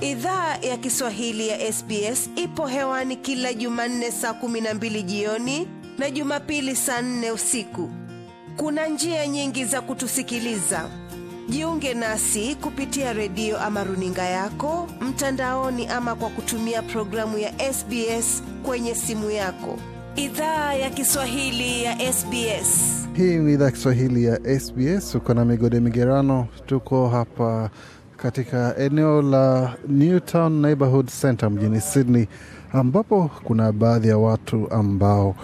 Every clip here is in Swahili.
Idhaa ya Kiswahili ya SBS ipo hewani kila Jumanne saa kumi na mbili jioni na Jumapili saa nne usiku. Kuna njia nyingi za kutusikiliza. Jiunge nasi kupitia redio ama runinga yako mtandaoni, ama kwa kutumia programu ya SBS kwenye simu yako. Idhaa ya Kiswahili ya SBS. Hii ni idhaa ya Kiswahili ya SBS. Uko na Migode Migerano, tuko hapa katika eneo la Newtown Neighborhood Center mjini Sydney, ambapo kuna baadhi ya watu ambao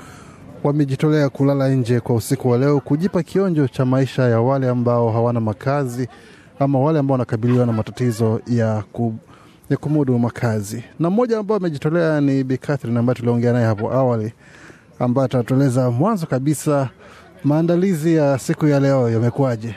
wamejitolea kulala nje kwa usiku wa leo kujipa kionjo cha maisha ya wale ambao hawana makazi ama wale ambao wanakabiliwa na matatizo ya ku, ya kumudu makazi. Na mmoja ambao amejitolea ni Bi Catherine ambaye tuliongea naye hapo awali, ambaye atatueleza mwanzo kabisa maandalizi ya siku ya leo yamekuwaje.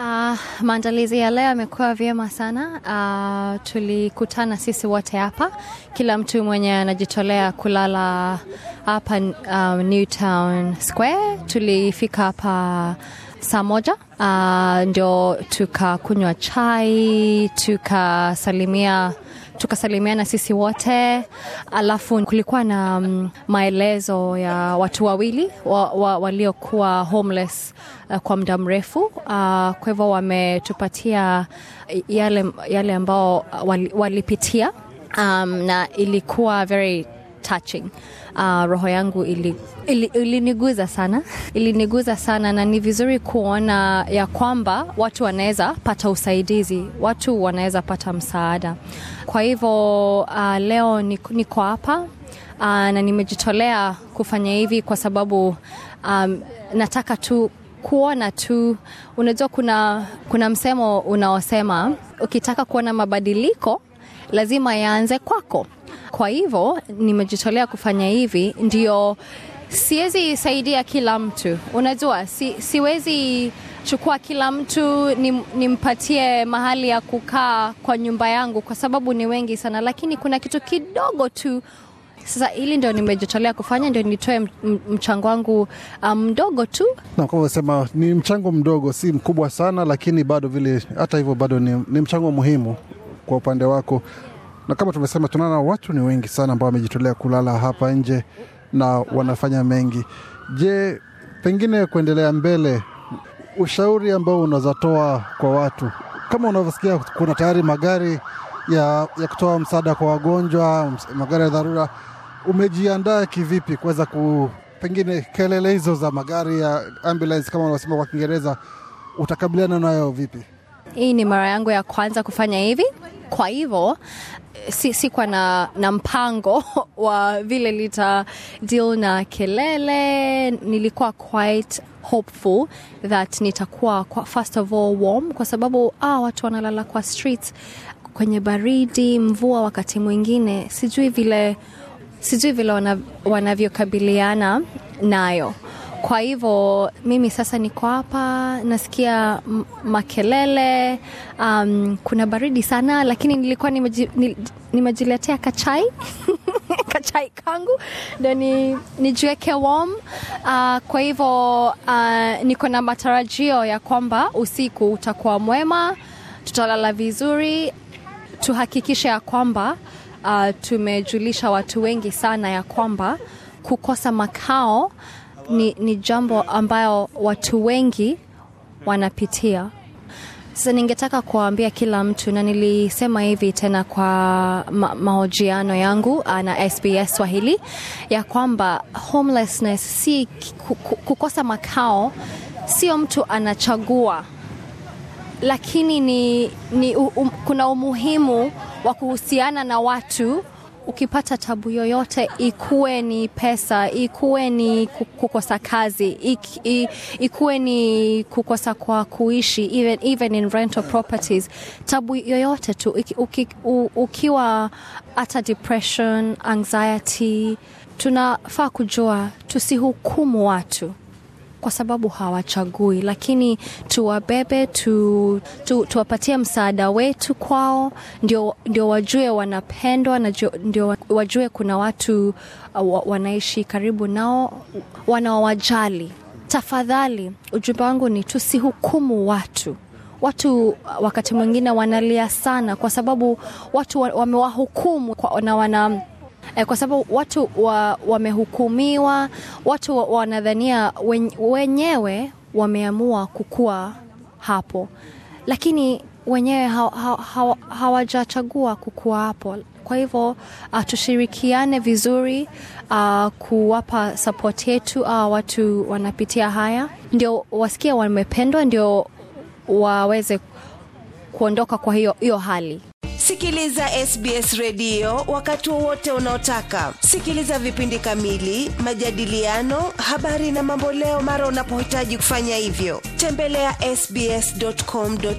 Uh, maandalizi ya leo yamekuwa vyema sana. Uh, tulikutana sisi wote hapa, kila mtu mwenye anajitolea kulala hapa um, Newtown Square. Tulifika hapa saa moja uh, ndio tukakunywa chai tukasalimia tukasalimiana sisi wote, alafu kulikuwa na um, maelezo ya watu wawili wa, wa, waliokuwa homeless uh, kwa muda mrefu uh, kwa hivyo wametupatia yale, yale ambao walipitia wali um, na ilikuwa very touching. Uh, roho yangu iliniguza ili, ili sana iliniguza sana, na ni vizuri kuona ya kwamba watu wanaweza pata usaidizi, watu wanaweza pata msaada. Kwa hivyo uh, leo niko hapa uh, na nimejitolea kufanya hivi kwa sababu um, nataka tu kuona tu. Unajua, kuna, kuna msemo unaosema ukitaka kuona mabadiliko lazima yaanze kwako. Kwa hivyo nimejitolea kufanya hivi, ndio siwezi saidia kila mtu, unajua si, siwezi chukua kila mtu nimpatie nimpatie mahali ya kukaa kwa nyumba yangu, kwa sababu ni wengi sana, lakini kuna kitu kidogo tu sasa hili ndio nimejitolea kufanya, ndio nitoe mchango wangu uh, mdogo um, tu. Na ni mchango mdogo, si mkubwa sana, lakini bado vile, hata hivyo bado ni, ni mchango muhimu kwa upande wako na kama tumesema, tunaona watu ni wengi sana ambao wamejitolea kulala hapa nje na wanafanya mengi. Je, pengine kuendelea mbele, ushauri ambao unaweza toa kwa watu, kama unavyosikia kuna tayari magari ya, ya kutoa msaada kwa wagonjwa, magari ya dharura, umejiandaa kivipi kuweza ku pengine kelele hizo za magari ya ambulance kama wanaosema kwa Kiingereza, utakabiliana nayo vipi? Hii ni mara yangu ya kwanza kufanya hivi kwa hivyo si, kwa na, na mpango wa vile lita deal na kelele. Nilikuwa quite hopeful that nitakuwa kwa, first of all warm, kwa sababu ah, watu wanalala kwa street kwenye baridi, mvua, wakati mwingine sijui vile, sijui vile wanavyokabiliana nayo kwa hivyo mimi sasa niko hapa, nasikia makelele um, kuna baridi sana, lakini nilikuwa nimejiletea kachai kachai kangu ndo ni, nijiweke uh, kwa hivyo uh, niko na matarajio ya kwamba usiku utakuwa mwema, tutalala vizuri, tuhakikishe ya kwamba uh, tumejulisha watu wengi sana ya kwamba kukosa makao ni, ni jambo ambayo watu wengi wanapitia. Sasa ningetaka kuwaambia kila mtu, na nilisema hivi tena kwa ma mahojiano yangu ah, na SBS Swahili ya kwamba homelessness si kukosa makao, sio mtu anachagua, lakini ni, ni um, kuna umuhimu wa kuhusiana na watu ukipata tabu yoyote, ikuwe ni pesa, ikuwe ni kukosa kazi, ik, ikuwe ni kukosa kwa kuishi, even, even in rental properties, tabu yoyote tu uki, u, ukiwa hata depression, anxiety, tunafaa kujua tusihukumu watu kwa sababu hawachagui, lakini tuwabebe tu, tu, tuwapatie msaada wetu kwao, ndio, ndio wajue wanapendwa na ndio wajue kuna watu uh, wanaishi karibu nao wanaowajali. Tafadhali, ujumbe wangu ni tusihukumu watu watu uh, wakati mwingine wanalia sana kwa sababu watu wamewahukumu na wana eh, kwa sababu watu wa, wamehukumiwa, watu wa, wanadhania wen, wenyewe wameamua kukua hapo, lakini wenyewe hawajachagua ha, ha, hawajachagua kukua hapo. Kwa hivyo uh, tushirikiane vizuri uh, kuwapa sapoti yetu uh, watu wanapitia haya, ndio wasikia wamependwa, ndio waweze kuondoka kwa hiyo, hiyo hali sikiliza sbs redio wakati wowote unaotaka sikiliza vipindi kamili majadiliano habari na mamboleo mara unapohitaji kufanya hivyo tembelea ya sbscomau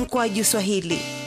mkoaji swahili